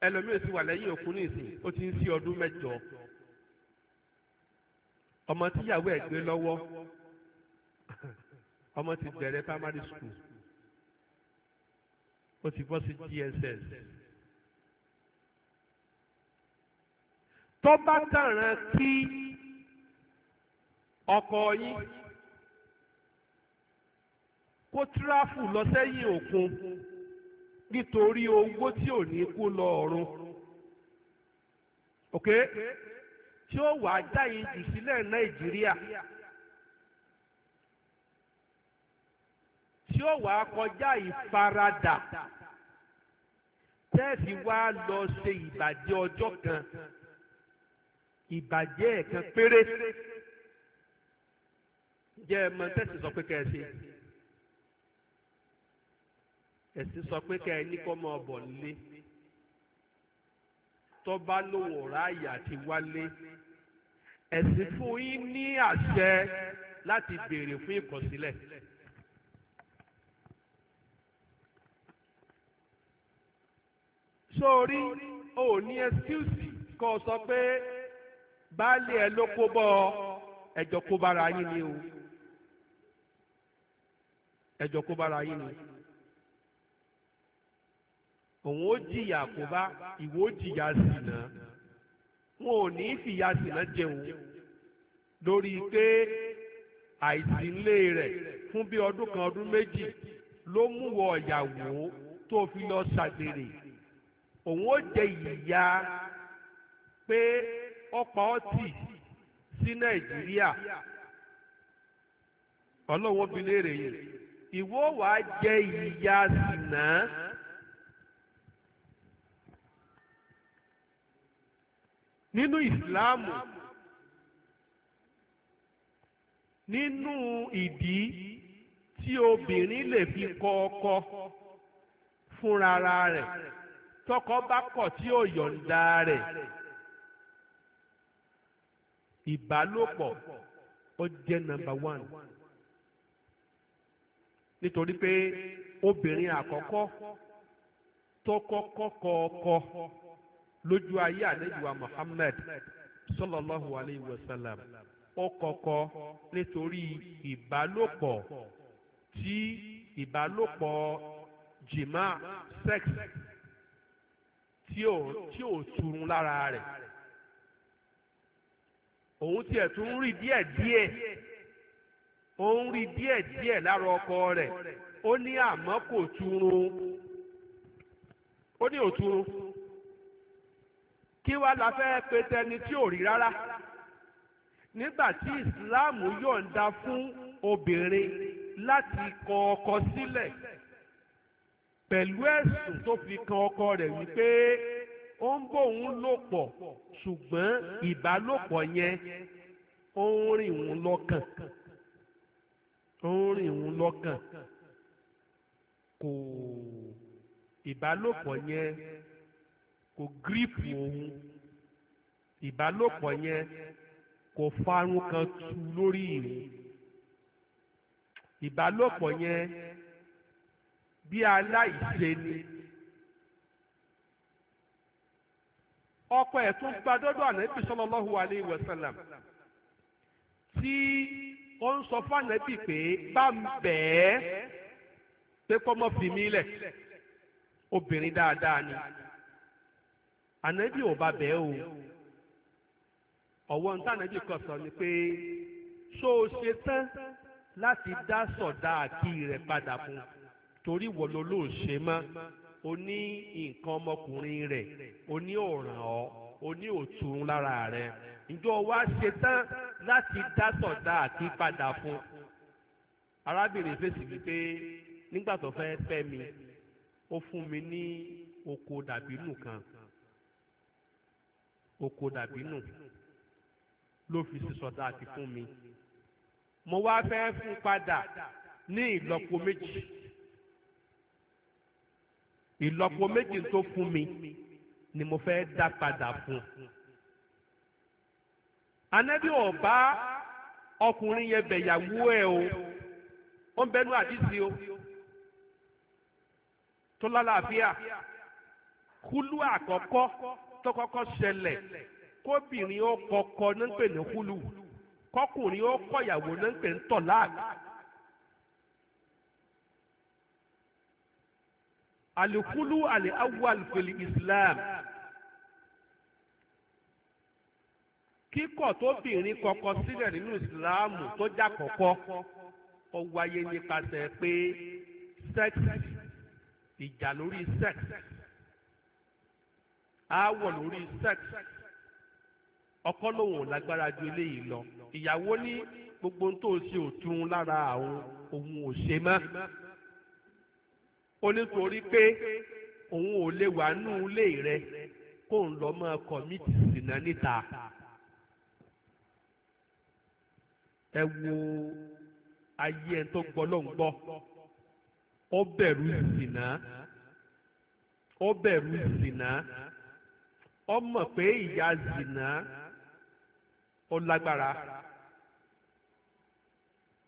ẹlòmíì sì wà lẹ́yìn òkú nìsín ó ti ń sí ọdún mẹ́jọ ọmọ tíyàwó ẹ̀ gbé lọ́wọ́ ọmọ ti bẹ̀rẹ̀ primary school ó ti bọ́ sí GSS. tó bá tàràn kí ọkọ yín kó tíráfù lọ sẹ́yìn òkun nítorí owó tí ò ní kú lọ ọ̀run ok tí ó wàá já yìí jù sílẹ̀ Nàìjíríà tí ó wàá kọjá ìfaradà tẹ́ẹ̀fì wá lọ ṣe ìbàjẹ́ ọjọ́ kan ìbàjẹ́ ẹ̀kan péré jẹ́ ẹ mọ tẹ́sí sọ pé kẹ́ ẹ ṣe ẹ̀sìn sọ pé kẹ́ ẹ ní kọ́ máa bọ̀ nílé tó bá lóun ò ráàyè àti wálé ẹ̀sìn fún yín ní àṣẹ láti béèrè fún ìkọ̀sílẹ̀. sórí o ò ní ẹ́síùsì kó o sọ pé baálé ẹ ló kó bọ́ ẹjọ́ kó bára yín ni o ẹjọ́ kó bára yín ni òun ó jìyà àkóbá ìwọ ó jìyà sìnà wọn ò ní fìyà sìnà jẹun lórí pé àìsí ńlé rẹ̀ fún bí ọdún kan ọdún méjì ló mú wọ ìyàwó tó fi lọ ṣàgbèrè òun ó jẹ ìyà pé ọ̀pá ọtí sí nàìjíríà ọlọ́wọ́ fi léèrè yìí ìwọ wàá jẹ ìyà sìnà. nínú ìsìláàmù nínú ìdí tí obìnrin lè fi kọ ọkọ fúnra rẹ̀ tọkọ bá kọ̀ tí ò yọ̀ǹda rẹ̀ ìbálòpọ̀ ó jẹ́ nọ́mbà one nítorí pé obìnrin àkọ́kọ́ tó kọ́kọ́ kọ ọkọ lójú ayé ànábìwá Muhammad sallallahu alayhi wa sallam ó kọ́kọ́ nítorí ìbálòpọ̀ tí ìbálòpọ̀ jìmá sex tí ò tí ò turun lára rẹ̀ òun tiẹ̀ tún ń rí díẹ̀ díẹ̀ ó ń rí díẹ̀ díẹ̀ lára ọkọ rẹ̀ ó ní àmọ́ kò turun ó ní òturun kí wá la fẹ́ pe tẹni tí ò rí rárá nígbà tí ìsìláàmù yọ̀ǹda fún obìnrin láti kọ ọkọ sílẹ̀ pẹ̀lú ẹ̀sùn tó fi kan ọkọ rẹ̀ wípé ó ń bóun lò pọ̀ ṣùgbọ́n ìbálòpọ̀ yẹn ó ń rìn òun lọ́kàn ó ń rìn òun lọ́kàn kò ìbálòpọ̀ yẹn kò gírípù òun ìbálòpọ̀ yẹn kò farun kan tu lórí ìrìn ìbálòpọ̀ yẹn bí aláìṣe ni ọkọ ẹ̀ tún gba dọ́dọ̀ ànábì sallallahu alayhi wa sallam tí ó ń sọ fún ànábì pé bá ń bẹ̀ pé kọ́mọ́ fi mí lẹ̀ obìnrin dáadáa ni ànábì ò bá bẹ́ẹ̀ o ọ̀wọ́n tá ànábì kan sọ ni pé ṣó o ṣe tán láti dá sọ̀dá àkí rẹ̀ padà fún torí wọ́n ló lóò ṣe mọ́ o ní nǹkan ọmọkùnrin rẹ̀ o ní ọ̀ràn ọ́ o ní òtún lára rẹ̀ ǹjọ́ wa ṣe tán láti dá sọ̀dá àkí padà fún arábìnrin fèsì wípé nígbà tó fẹ́ fẹ́ mi ó fún mi ní oko dàbínù kan oko dàbínù ló fi sísọ dáàtì fún mi mo wá fẹ́ fún padà ní ìlọ́po méjì ìlọ́po méjì tó fún mi ni mo fẹ́ dá padà fún un anabi ọba ọkùnrin yẹn bẹ̀yàwó ẹ̀ o ó ń bẹnu àdìsí o tó lálàáfíà kúlú àkọ́kọ́ tó kọ́kọ́ ṣẹlẹ̀ kóbìnrin ó kọ́kọ́ ní ń pè ní kúlù kọ́kùnrin ó kọ̀yàwó ní ń pè ní tọ̀láàkì. alikulu ali awal fili islam kíkọ̀ tóbìnrin kọ́kọ́ sílẹ̀ nínú ìsìláàmù tó já kọ́kọ́ ó wáyé nípasẹ̀ pé sex ìjà lórí sex. sex. aáwọ̀ lórí sex ọkọ lòun ò lágbára ju eléyìí lọ ìyàwó ní gbogbo ohun tó ń ṣe òtún lára àwọn ohun ò ṣe mọ́ ó ní torí pé òun ò lè wà nù ilé rẹ kó ń lọ mọ́ kọ̀mítì sínà níta ẹ wo ayé ẹ tó gbọ́ ló ń gbọ́ ó bẹ̀rù sínà ó bẹ̀rù sínà. ọ mọ̀ pé ìyà zìnà ó lágbára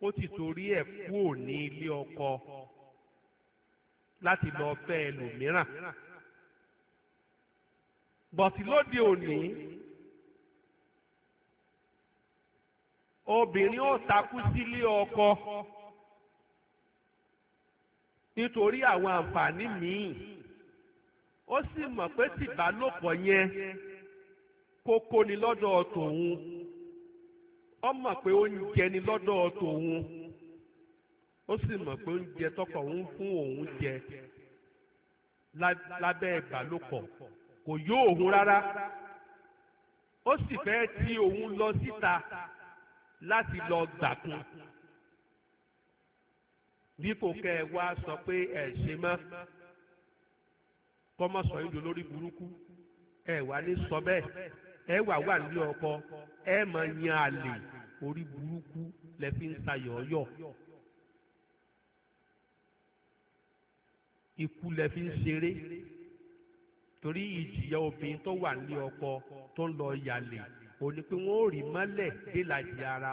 ó ti torí ẹ̀ kúò ní ilé ọkọ láti lọ fẹ́ ẹlòmíràn bọ̀tí lóde òní obìnrin ó takú sílé ọkọ nítorí àwọn àǹfààní míì ó sì mọ̀ pé tìbálòpọ̀ yẹn kókó ni lọ́dọ̀ tòun ó mọ̀ pé oúnjẹ ni lọ́dọ̀ tòun ó sì mọ̀ pé oúnjẹ tọkọ òun fún òun jẹ lábẹ́ ìbálòpọ̀ kò yó òun rárá ó sì fẹ́ tí òun lọ síta láti lọ gbàkun dípò kẹ́ ẹ wá sọ pé ẹ ṣe mọ́ kọ́mọ sọ yín dolórí burúkú ẹ wà ní sọ bẹ́ẹ̀ ẹ wà wà ní ọkọ ẹ máa yan àlè orí burúkú lẹ fi ń sa yọ̀ọ́yọ̀ ikú lẹ fi ń ṣeré torí ìjìyà obìnrin tó wà ní ọkọ tó ń lọ yàlè ó ní pé wọ́n ò rí mọ́lẹ̀ dé ara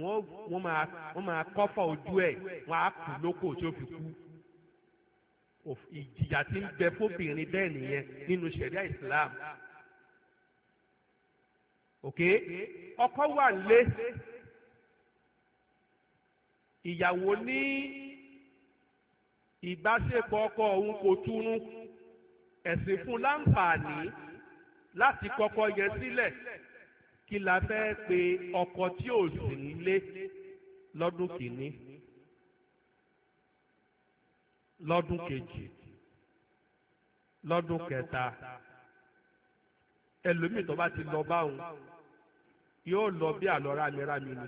wọ́n máa kọ́fà ojú ẹ̀ wọ́n á kú lóko tí ó fi kú ìjìyà tí ń bẹ fóbìnrin bẹ́ẹ̀ nìyẹn nínú ṣẹ̀ríà Islam ok ọkọ wà lé ìyàwó ní ìbáṣepọ̀ ọkọ òun kò túnú ẹ̀sìn fún láǹfààní láti kọ́kọ́ yẹ sílẹ̀ kí la fẹ́ pe ọkọ tí ò sí nílé lọ́dún kìíní lọ́dún kejì lọ́dún kẹta ẹlòmíì tó bá ti lọ báwọn yóò lọ bí àlọ́ rámírámí ni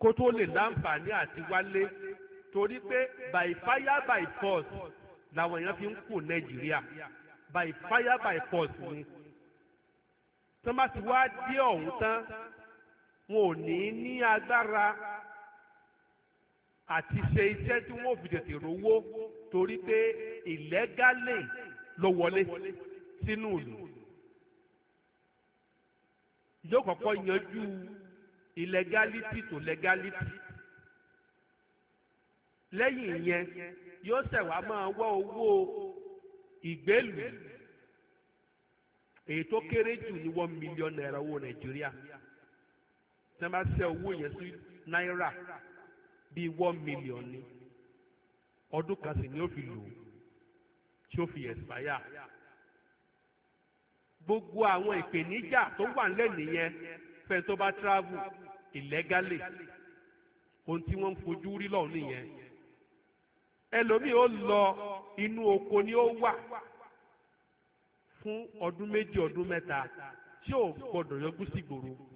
kó tó lè láǹfààní àti wálé torí pé by fire by force làwọn èèyàn fi ń kù nàìjíríà by fire by force ni tọ́ba ti wá dé ọ̀hún tán wọn ò ní ní agbára àti ṣe iṣẹ́ tí wọ́n fi tètè rówó torí pé ìlẹ́gálè ló wọlé sínú ìlú. yóò kọ́kọ́ yanjú ìlẹ́gálítì tó lẹ́gálítì. lẹ́yìn ìyẹn yóò ṣẹ̀wá máa wá owó ìgbélùú èyí tó kéré jù ní one million naira owó nàìjíríà. tí wọ́n bá ṣe owó yẹn sí náírà bíi one million ni ọdún kan sì ni ó fi lò ó tí ó fi expire gbogbo àwọn ìpèníjà tó wà nílẹ̀ nìyẹn fẹ́ẹ́ tó bá travel illegally ohun tí wọ́n ń fojú rí lọ́hùn nìyẹn ẹlòmíì ó lọ inú oko ni ó wà fún ọdún méjì ọdún mẹ́ta tí ò gbọdọ̀ yọjú sí gbòòrò.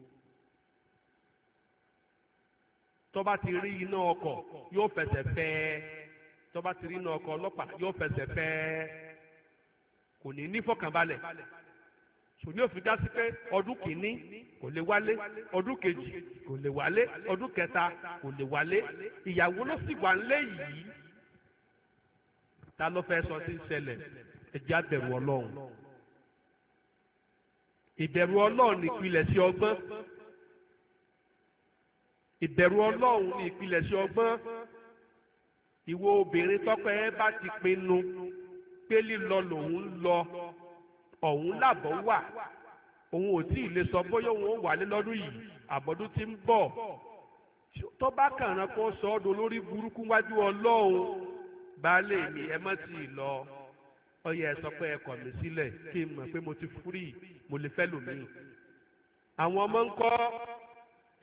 tó bá ti rí iná ọkọ̀ yóò fẹsẹ̀ fẹ́ tó bá ti rí iná ọkọ̀ ọlọ́pàá yóò fẹsẹ̀ fẹ́ kò ní ní fọkànbalẹ̀ sòní òfin dá sí pé ọdún kìíní kò lè wálé ọdún kejì kò lè wálé ọdún kẹta kò lè wálé ìyàwó ló sì wà nílé yìí ta ló fẹ́ sọ tí ń ṣẹlẹ̀ ẹ̀jẹ̀ àbẹ̀rù ọlọ́run ìbẹ̀rù ọlọ́run sí ọgbọ́n ìbẹ̀rù ọlọ́run ni ìpilẹ̀ṣẹ̀ ọgbọ́n ìwọ obìnrin tọ́pẹ́ ẹ bá ti pinnu pé lílọ lòun ń lọ ọ̀hún làbọ̀ wà òun ò tí ì lè sọ bóyá òun ó wálé lọ́dún yìí àbọ̀dún ti ń bọ̀ tó bá kàrán kó sọ ọ́ dolórí burúkú wájú ọlọ́run baálé mi ẹ mọ́ ti lọ ọyẹ sọ pé ẹ kọ̀ mí sílẹ̀ kí n mọ̀ pé mo ti fúrì mo lè fẹ́ lòmíì àwọn ọmọ ń kọ́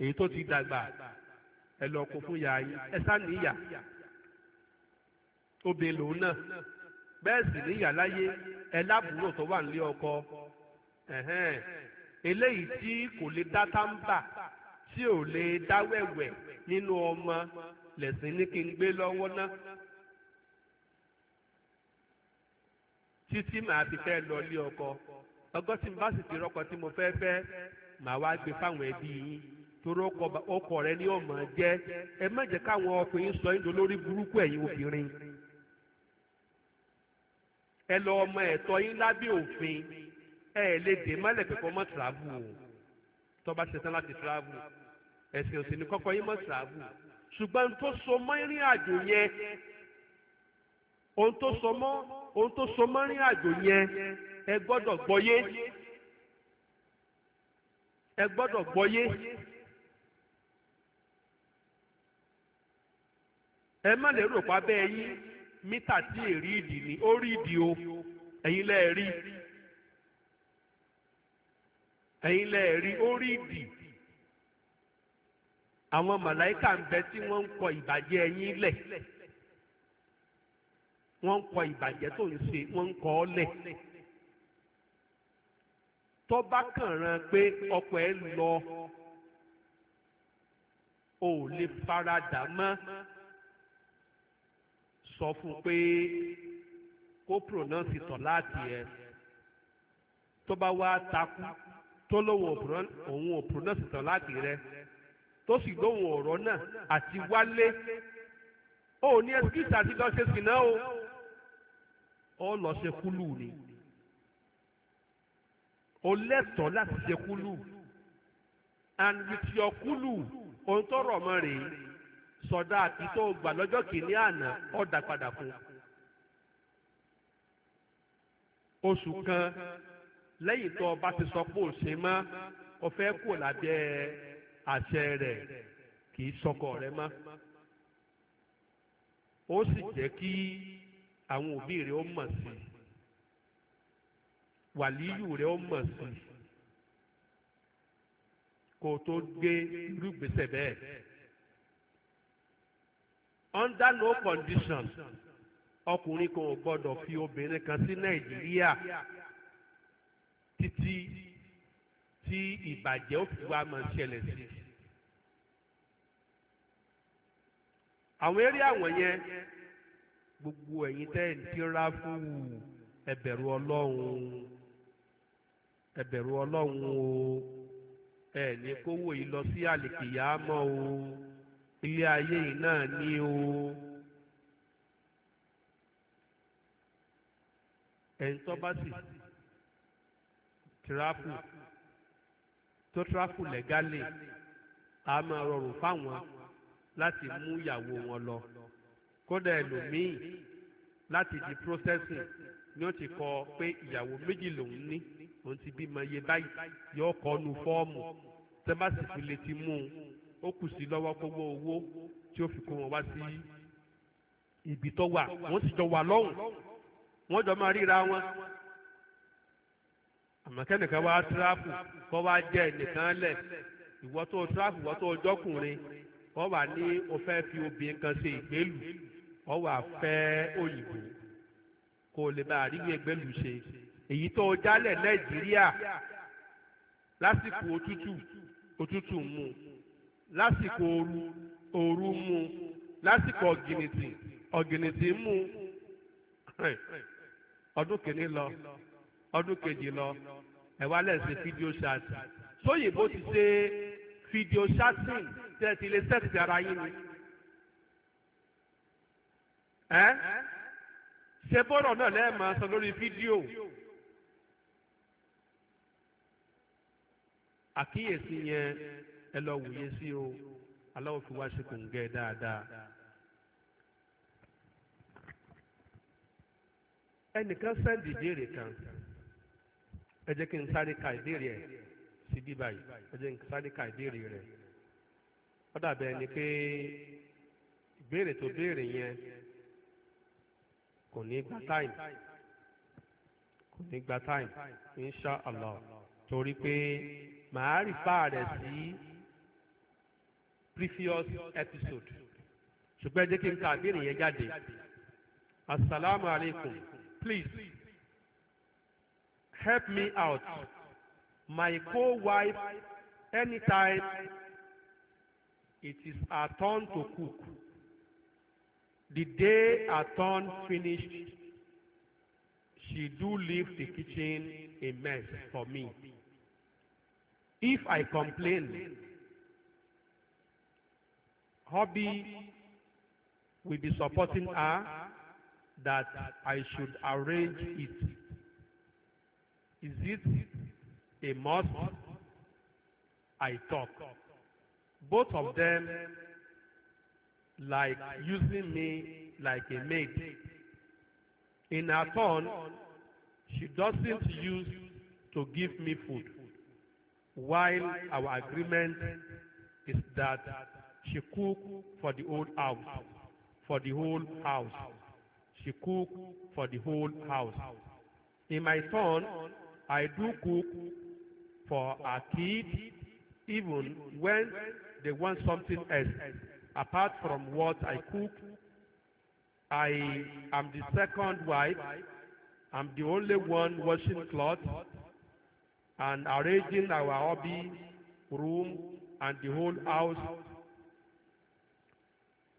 èyí tó ti dàgbà ẹ lọ kó fún yàrá yín ẹ sá níyà obìnrin lòun náà bẹ́ẹ̀ sì níyà láyé ẹ lábùúrò tó wà nílé ọkọ eléyìí tí kò lè dá táǹbà tí ò lè dá wẹ̀wẹ̀ nínú ọmọ lẹ̀sìn ní kí n gbé lọ́wọ́ náà títí màá fi fẹ́ lọ ilé ọkọ ọgọ́sìn bá sì ti rọ́kọ tí mo fẹ́ fẹ́ màá wá gbé fáwọn ẹbí yín torí ọkọ rẹ ni ọmọ jẹ ẹ má jẹ́ káwọn ọkùnrin sọ yín lórí burúkú ẹ̀yin obìnrin ẹ lọ ọmọ ẹ̀tọ́ yín lábẹ́ òfin ẹ ẹ lè dè mọ́lẹ̀ pẹpẹ ọmọ tìràbù o tọba ṣetán láti tìràbù ẹsìn òsì ní kọ́kọ́ yín mọ tìràbù ṣùgbọ́n tó so mọ́ ìrìn àjò yẹn ohun tó so mọ́ ohun tó so mọ́ ìrìn àjò yẹn ẹ gbọ́dọ̀ gbọ́yé ẹ gbọ́dọ̀ gbọ́yé. ẹ má lérò pa bẹ́ẹ̀ yín mítà tí èrí ìdì ni ó rí ìdì o ẹ̀yin lẹ́ẹ̀ rí ẹ̀yin lẹ́ẹ̀ rí ó rí ìdì àwọn màláìkà ń bẹ tí wọ́n ń kọ ìbàjẹ́ ẹ̀yin lẹ̀ wọ́n ń kọ ìbàjẹ́ tó ń ṣe wọ́n ń kọ ọ́ lẹ̀ tó bá kàn rán pé ọkọ̀ ẹ lọ ò lè faradà mọ́ sọ fún pé kó pronounce tọ̀ láti ẹ tó bá wá takú tó lóun òun ò pronounce tọ̀ láti rẹ tó sì lóun ọ̀rọ̀ náà àti wálé ó ní excuse àti lọ ṣe sìnà ó lọ ṣe kúlù ni o lẹ́tọ̀ọ́ láti ṣe kúlù and with your kúlù ohun tó rọ̀ mọ́ rèé. sọdá àti tó gbà lọ́jọ́ kìíní àná ọ̀dà padà fún oṣù kan lẹ́yìn tó o bá ti sọ pé ò ṣe mọ́ o fẹ́ kù lábẹ́ àṣẹ rẹ̀ kì í sọkọ rẹ mọ́ ó sì jẹ́ kí àwọn òbí rẹ̀ ó mọ̀ sí wàlíyù rẹ̀ ó mọ̀ sí kó o tó gbé irú ìgbésẹ̀ bẹ́ẹ̀. under no condition ọkùnrin kan ò gbọ́dọ̀ fi obìnrin kan sí nàìjíríà títí tí ìbàjẹ́ ó fi wá máa ṣẹlẹ̀ sí. àwọn eré àwọn yẹn gbogbo ẹ̀yin tẹ́ ẹ̀ ń tíra fún ẹ bẹ̀rù ọlọ́run ẹ bẹ̀rù ọlọ́run o ẹ̀ ní kówó yìí lọ sí àlìkìyà mọ́ o ilé ayé yìí náà ní o ẹni tó bá sì tirapu tó tirapu lẹ́gálì a máa rọrùn fáwọn láti mú ìyàwó wọn lọ kódà ẹlòmíì láti di processing ni ó ti kọ pé ìyàwó méjì lòún ní òun ti bímọ iye báyìí yóò kọ́ nu fọ́ọ̀mù tẹ́ fi lè ti mú un ó kù sí lọ́wọ́ kó wọ́ owó tí ó fi kó wọn wá sí ibi tó wà wọ́n sì jọ wà lọ́hùn wọ́n jọ máa ríra wọn àmọ́kẹ́nìkan wá tíráàpù kọ́ wá jẹ́ ẹnìkan lẹ̀ ìwọ tó tíráàpù ìwọ tó ọjọ́kùnrin wọ́n wà ní o fẹ́ fi obìnrin kan ṣe ìgbélù wọ́n wà fẹ́ òyìnbó kó o lè bá àríwí ìgbélù ṣe èyí tó jálẹ̀ nàìjíríà lásìkò òtútù òtútù mú lásìkò ooru ooru mú lásìkò ọ̀gìnìtì ọ̀gìnìtì mú ọdún kìíní lọ ọdún kejì lọ ẹ̀wá lẹ́sìn fídíò ṣáàtì sóyìnbó ti ṣe fídíò ṣáàtì tẹ́ ti lè sẹ́ẹ̀tì ara yín ni. ẹ́ ṣe bọ́rọ̀ náà lẹ́ẹ̀mọ́ sọ lórí fídíò. àkíyèsí yẹn ẹ lọ si o aláwọ̀ fi wá ṣe kò ń dáadáa. ẹnìkan kan ẹ kí n sáré ka ìbéèrè ẹ̀ sí bí báyìí ẹ kí n ka ni pé tó béèrè gba time kò time insha allah torí pé màá rí fáà sí. Si, previous episode ṣùgbọ́n ẹ jẹ́ kí n ka àbírí yẹn jáde asalaamu alaykum please help me out my co-wife anytime it is her turn to cook the day her turn finished she do leave the kitchen a mess for me if I complain. Hobby will be supporting her that I should arrange it. Is it a must? I talk. Both of them like using me like a maid. In her turn, she doesn't use to give me food, while our agreement is that She cook for the whole house. For the whole house. She cook for the whole house. In my turn, I do cook for a kids. even when they want something else apart from what I cook. I am the second wife. I'm the only one washing clothes and arranging our hobby room and the whole house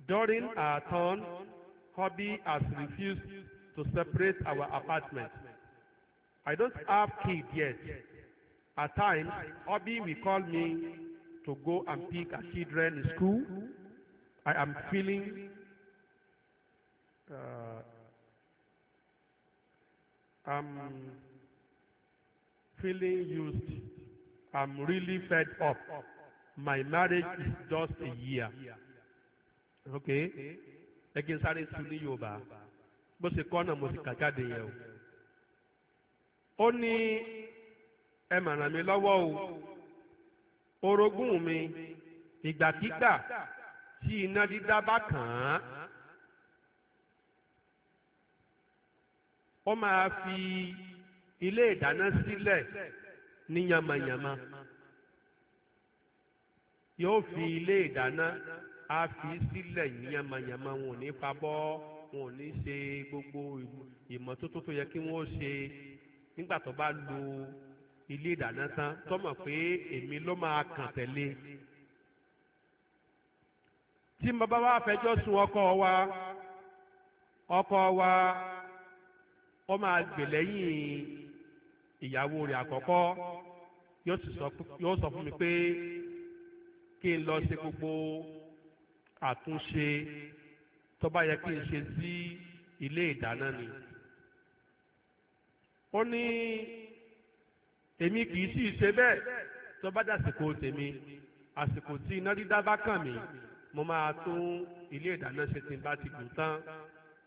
During our turn, hubby has refused to separate our apartment. I don't have kid yet. At times, hubby will call me to go and pick our children in school. I am feeling uh, I'm feeling used. I'm really fed up. My marriage is just a year ok ẹ kí n sáré tu ní yorùbá bó ṣe kọ́ náà mo sì kà jáde yẹn o ó ní ẹ mà ràn mí lọ́wọ́ o orogún mi ìgbàkígbà tí iná dídá bá kàn án ó máa fi ilé ìdáná sílẹ̀ ní yamayama yóò fi ilé ìdáná á fi sílẹ̀ yànmàyànmà wọn ò ní fa bọ́ wọn ò ní ṣe gbogbo ìmọ́tótó tó yẹ kí wọ́n ṣe nígbà tó bá lo ilé ìdáná tán tó mọ̀ pé èmi ló máa kàn tẹ̀lé tí mo bá wá fẹjọ́ sùn ọkọ wa ọkọ wa ó máa gbè lẹ́yìn ìyàwó rẹ̀ àkọ́kọ́ yóò sọ fún mi pé kí n lọ ṣe gbogbo àtúnṣe tó bá yẹ kí n ṣe sí ilé ìdáná ni ó ní èmi kì í sì ṣe bẹ́ẹ̀ tó bá dàsìkò tèmi àsìkò tí iná dídá bá kàn mí mo máa tún ilé ìdáná ṣe tí n bá ti dùn tán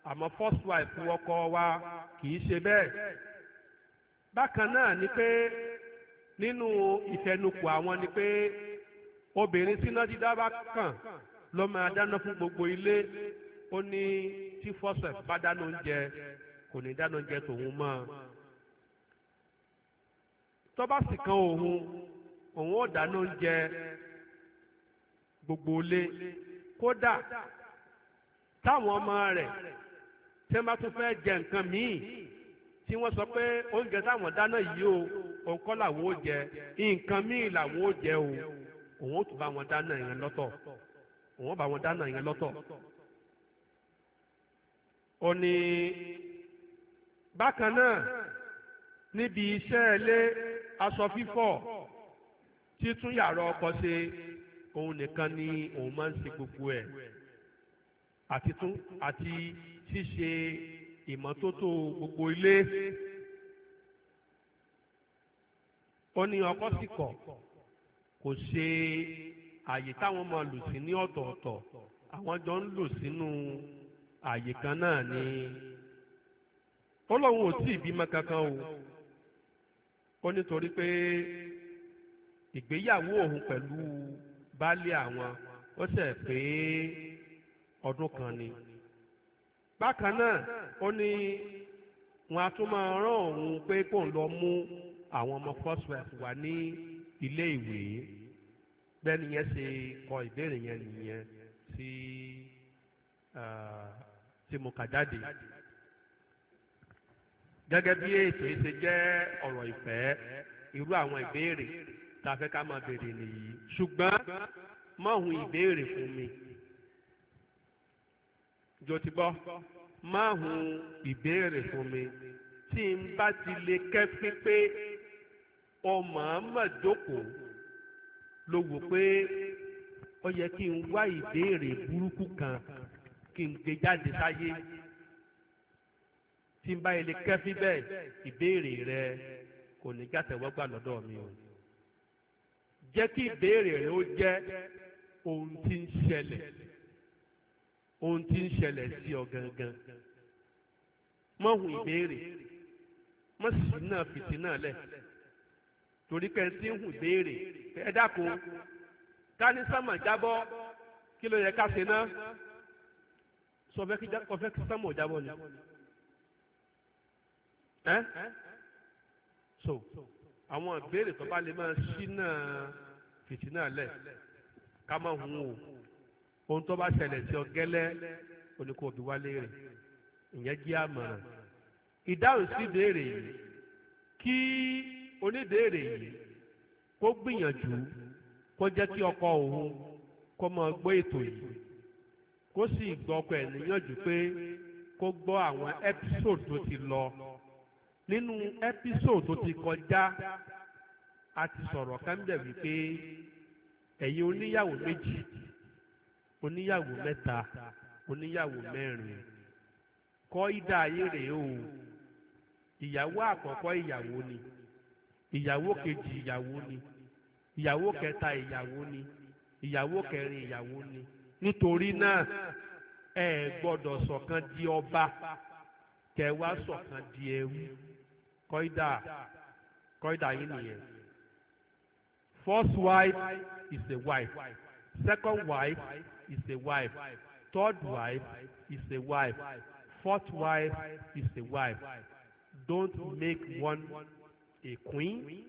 àmọ́ first wife ọkọ wa kì í ṣe bẹ́ẹ̀ bákan náà ni pé nínú ìfẹnukò àwọn ni pé obìnrin tí iná dídá bá kàn ló máa dáná fún gbogbo ilé ó ní tí fọ́sẹ̀ bá dáná oúnjẹ kò ní dáná oúnjẹ tòun mọ́ tó bá sì kan òun òun ó dáná oúnjẹ gbogbo ilé kódà táwọn ọmọ rẹ̀ tẹ́ máa tún fẹ́ jẹ nǹkan míì tí wọ́n sọ pé oúnjẹ táwọn dáná yìí o òun làwọn ó jẹ nǹkan míì làwọn ó jẹ o òun ó tún bá wọn dáná yẹn lọ́tọ̀ wọ́n bá wọn dáná yẹn lọ́tọ̀ ó ní bákan náà níbi iṣẹ́ ilé aṣọ fífọ̀ títún yàrá ọkọ ṣe òun nìkan ni òun máa ń ṣe gbogbo ẹ̀ àti tún ṣíṣe ìmọ́tótó gbogbo ilé ó ní ọkọ sì kọ̀ kò ṣe àyè táwọn máa lù sí ní ọ̀tọ̀ọ̀tọ̀ àwọn jọ ń lù sínú àyè kan náà ni ọlọ́run ò tí ì bímọ kankan o ó nítorí pé ìgbéyàwó òun pẹ̀lú baálé àwọn ó ṣe pé ọdún kan ni bákan náà ó ní wọn a tún máa rán òun pé kóun lọ mú àwọn ọmọ first wife wá ní ilé ìwé bẹ́ẹ̀ ni yẹn ṣe kọ ìbéèrè yẹn nìyẹn tí tí mo kà jáde gẹ́gẹ́ bí ètò yìí ṣe jẹ́ ọ̀rọ̀ ìfẹ́ irú àwọn ìbéèrè tá a fẹ́ ká máa béèrè nìyí ṣùgbọ́n mọ̀hún ìbéèrè fún mi jọ ti gbọ́ mọ̀hún ìbéèrè fún mi tí n bá ti lè kẹ́ pípé ọmọ mọ̀ jókòó ló wò pé ó yẹ kí n wá ìbéèrè burúkú kan kí n gbé jáde sáyé tí n bá ilé kẹfí bẹ́ẹ̀ ìbéèrè rẹ kò ní gàtẹ́wọ́gbà lọ́dọ̀ mi o jẹ́ kí ìbéèrè rẹ ó jẹ́ ohun tí ń ṣẹlẹ̀ ohun tí ń ṣẹlẹ̀ sí ọ gangan mọ̀hún ìbéèrè mọ̀sí náà fìtí náà lẹ̀ torí pé tí ń hù béèrè ẹ dákun ká ní sánmà jábọ́ kí ló yẹ ká ṣe ná sọ fẹ́ kí sánmà jábọ́ ni ẹ so àwọn ìbéèrè tó bá lè máa ṣí náà fìtínà lẹ̀ ká má hun o ohun tó bá ṣẹlẹ̀ sí ọ gẹ́lẹ́ oníkó wálé rẹ̀ ìyẹn jẹ́ àmọ̀ràn ìdáhùn sí ìbéèrè yìí kí oníbèrè yìí kó gbìyànjú kó jẹ́ kí ọkọ òun kó máa gbọ́ ètò yìí kó sì gbọ́ ọkọ ẹ̀ níyànjú pé kó gbọ́ àwọn ẹ́písòdù tó ti lọ nínú ẹ́písòdù tó ti kọjá a ti sọ̀rọ̀ kánbẹ̀ wípé ẹ̀yin oníyàwó méjì oníyàwó mẹ́ta oníyàwó mẹ́rin kọ́ ìdá ayé rèé o ìyàwó àkọ́kọ́ ìyàwó ni ìyàwó kejì ìyàwó ni ìyàwó kẹta ìyàwó ni ìyàwó kẹrin ìyàwó ni nítorí náà ẹ gbọ́dọ̀ sọ̀kan di ọba kẹwàá sọ̀kan di ẹrú kọ́ídà kọ́ídà yìí nìyẹn first wife is a wife second wife is a wife third wife is a wife fourth wife is a wife don't make one a queen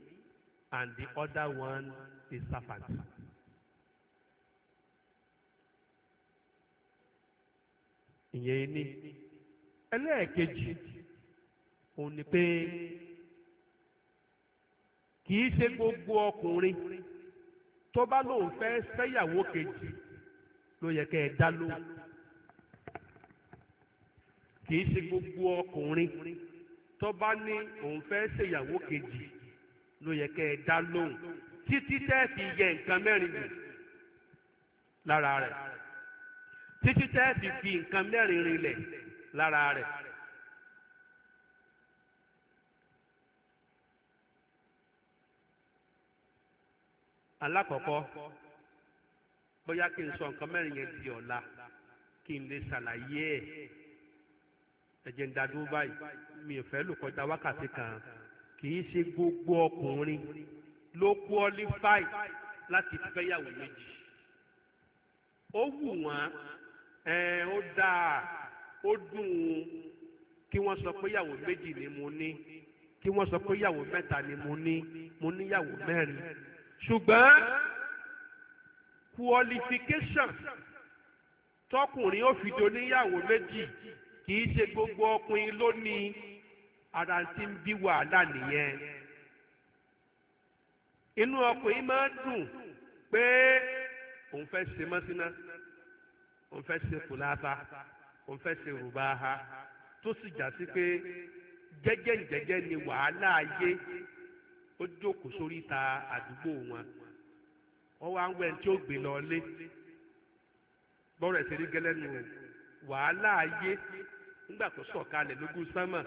and the other one a serpent. ìyẹn ni ẹlẹ́ẹ̀kejì òun ni pé kì í ṣe gbogbo ọkùnrin tó bá lóun fẹ́ ṣẹ́yàwó kejì ló yẹ kẹ́ ẹ dá lóhùn kì í ṣe gbogbo ọkùnrin tó bá ní òun fẹ́ ṣèyàwó kejì ló yẹ kẹ́ ẹ dá lóhùn títí tẹ́ fi yẹ nǹkan mẹ́rin wò lára rẹ̀ títí tẹ́ fi fi nǹkan mẹ́rin rinlẹ̀ lára rẹ̀. alákọ̀ọ́kọ́ bóyá kí n sọ nǹkan mẹ́rin yẹn di ọ̀la kí n lè ṣàlàyé ẹ̀ ẹ̀jẹ̀ ń dadúró báyìí mi ò fẹ́ lò kọjá wákàtí kan kì í ṣe gbogbo ọkùnrin ló qualify láti fẹ́yàwó méjì ó wù wọ́n ẹ̀ ó dáa ó dùn ún kí wọ́n sọ pé yàwó méjì ni mo ní kí wọ́n sọ pé yàwó mẹ́ta ni mo ní mo ní yàwó mẹ́rin ṣùgbọ́n qualification tọkùnrin ó fi do níyàwó méjì kì í ṣe gbogbo ọkùnrin lónìí ara tí ń bí wàhálà nìyẹn inú ọkùnrin máa ń dùn pé òun fẹ́ ṣe mọ́síná òun fẹ́ ṣe kùlábà òun fẹ́ ṣe ha tó sì já sí pé jẹ́jẹ́jẹ́jẹ́ ni wàhálà ayé ó jókòó sórí ìta àdúgbò wọn wọ́n wá ń tí ó gbé lọ lé bọ́rọ̀ ẹ̀ ṣe nígbà tó sọ̀kalẹ̀ lógún sánmà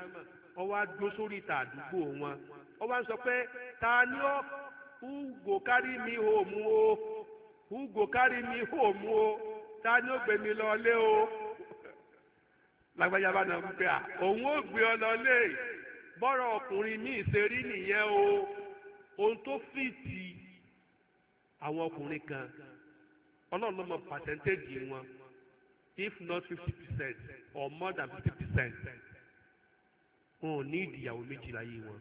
ó wá dó sórí ìta àdúgbò wọn ó wá ń sọ pé ta ni ó who go carry me home o who go carry me home o ta ni ó gbé mi lọ lé o lágbájá bá náà pé à òun ó gbé ọ lọ lé bọ́rọ̀ ọkùnrin míì ṣe rí nìyẹn o ohun tó fìtì àwọn ọkùnrin kan ọlọ́run ló mọ pàṣẹ́ntéèjì wọn if not fifty percent or more than fifty percent wọn ò ní ìdíyàwó méjì láyé wọn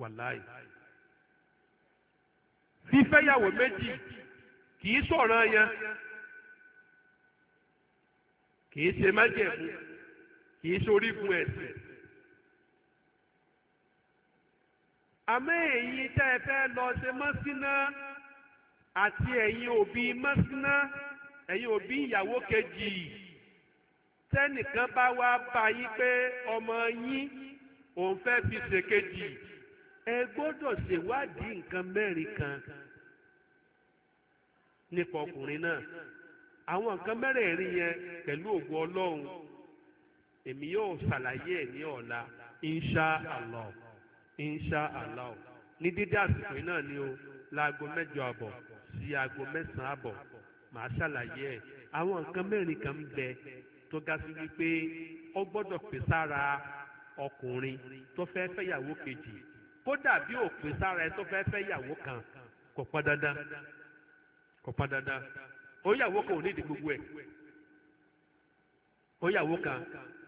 wàláì fífẹ́yàwó méjì kì í sọ̀ràn yẹn kì í ṣe májẹ̀mú kì í ṣorígun ẹ̀sìn. àmọ́ èyí tẹ́ ẹ fẹ́ lọ ṣe mọ́síná àti ẹ̀yin òbí mọ́síná ẹ̀yin òbí ìyàwó kejì tẹ́nìkan bá wá bá yín pé ọmọ yín òun fẹ́ fi ṣèkejì ẹ gbọ́dọ̀ ṣèwádìí nǹkan mẹ́rin kan nípa ọkùnrin náà àwọn nǹkan mẹ́rẹ̀ẹ̀rin yẹn pẹ̀lú ògo ọlọ́run èmi yóò ṣàlàyé ẹ̀ ní ọ̀la insha allah insha allah ní dídá àsìkò náà ni o láago mẹ́jọ àbọ̀ sí aago mẹ́sàn-án àbọ̀ màá ṣàlàyé ẹ̀ àwọn nǹkan mẹ́rin kan ń bẹ tó ga sí wípé ó gbọ́dọ̀ pè sára ọkùnrin tó fẹ́ fẹ́yàwó kejì kódà bí ò pè sára ẹ tó fẹ́ fẹ́yàwó kan kò pa dandan kò pa dandan oyàwó kan ò ní ìdí gbogbo ẹ̀ oyàwó kan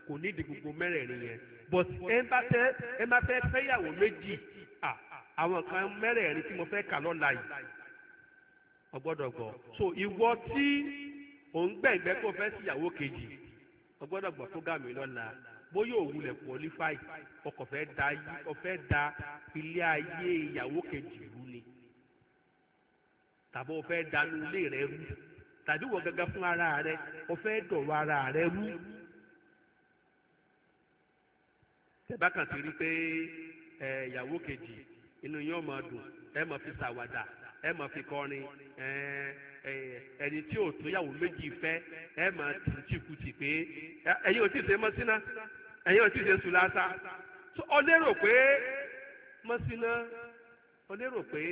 kò ní ìdí gbogbo mẹ́rẹ̀ẹ̀rin yẹn but ẹ bá ẹ bá fẹ́ fẹ́yàwó méjì àwọn kan mẹ́rẹ̀ẹ̀rin tí mo fẹ́ kà lọ́la yìí o gbọ́dọ̀ so ìwọ tí ò ń gbẹ̀ngbẹ́ kó fẹ́ síyàwó kejì o gbọ́dọ̀ gbọ́ fúgàmì lọ́la bóyá òwúlẹ̀ qualify ọkọ̀ fẹ́ da ọfẹ́ da ilé ayé ìyàwó kejì rú ni tàbí ọfẹ́ danu ilé rẹ rú tàbí wọ gẹ́gẹ́ fún ara rẹ ọfẹ́ dọ̀rọ̀ ara rẹ rú. kan ti pé ìyàwó kejì inú ẹ máa fi kọrin ẹni tí ò tó yàwó méjì fẹ́ ẹ máa tì tìkùtì pé ẹ̀yin ò tí ì ṣe mọ́sínà ẹ̀yin ò tí ì ṣe sùlásà ọ lérò pé mọ́sínà ọ lérò pé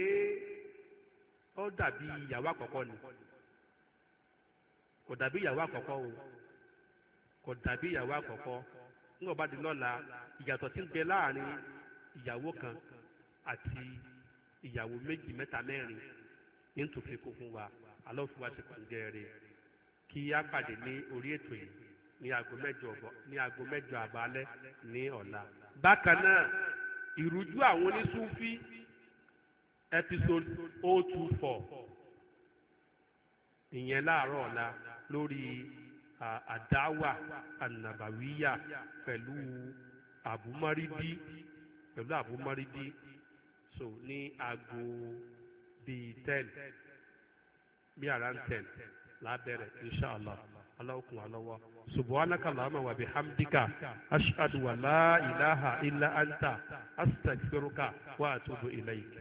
ó dàbí ìyàwó àkọ́kọ́ ni kò dàbí ìyàwó àkọ́kọ́ o kò dàbí ìyàwó àkọ́kọ́ nígbà bá di lọ́la ìyàtọ̀ tí ń bẹ láàrin ìyàwó kan àti ìyàwó méjì mẹ́ta mẹ́rin ní tòfin kó fún wa alọ́fin wa ṣe pàǹgẹ́ rẹ̀ kí á pàdé ní orí ètò yìí ní aago mẹ́jọ ní aago mẹ́jọ àbálẹ́ ní ọ̀la. bákan náà ìrújú àwọn onísúfí episode oh two four ìyẹn láàárọ̀ ọ̀la lórí àdáwà ànàbàwíyà pẹ̀lú àbúmọ́rídì pẹ̀lú àbúmọ́rídì so ní aago bíi ten bí around ten lábẹ́rẹ̀ inshàlá aláwòkùn alọ́wọ́ subhanaka allahumma wa bihamdika ashhadu wa la ilaha illa anta astaghfiruka wa atubu ilayk.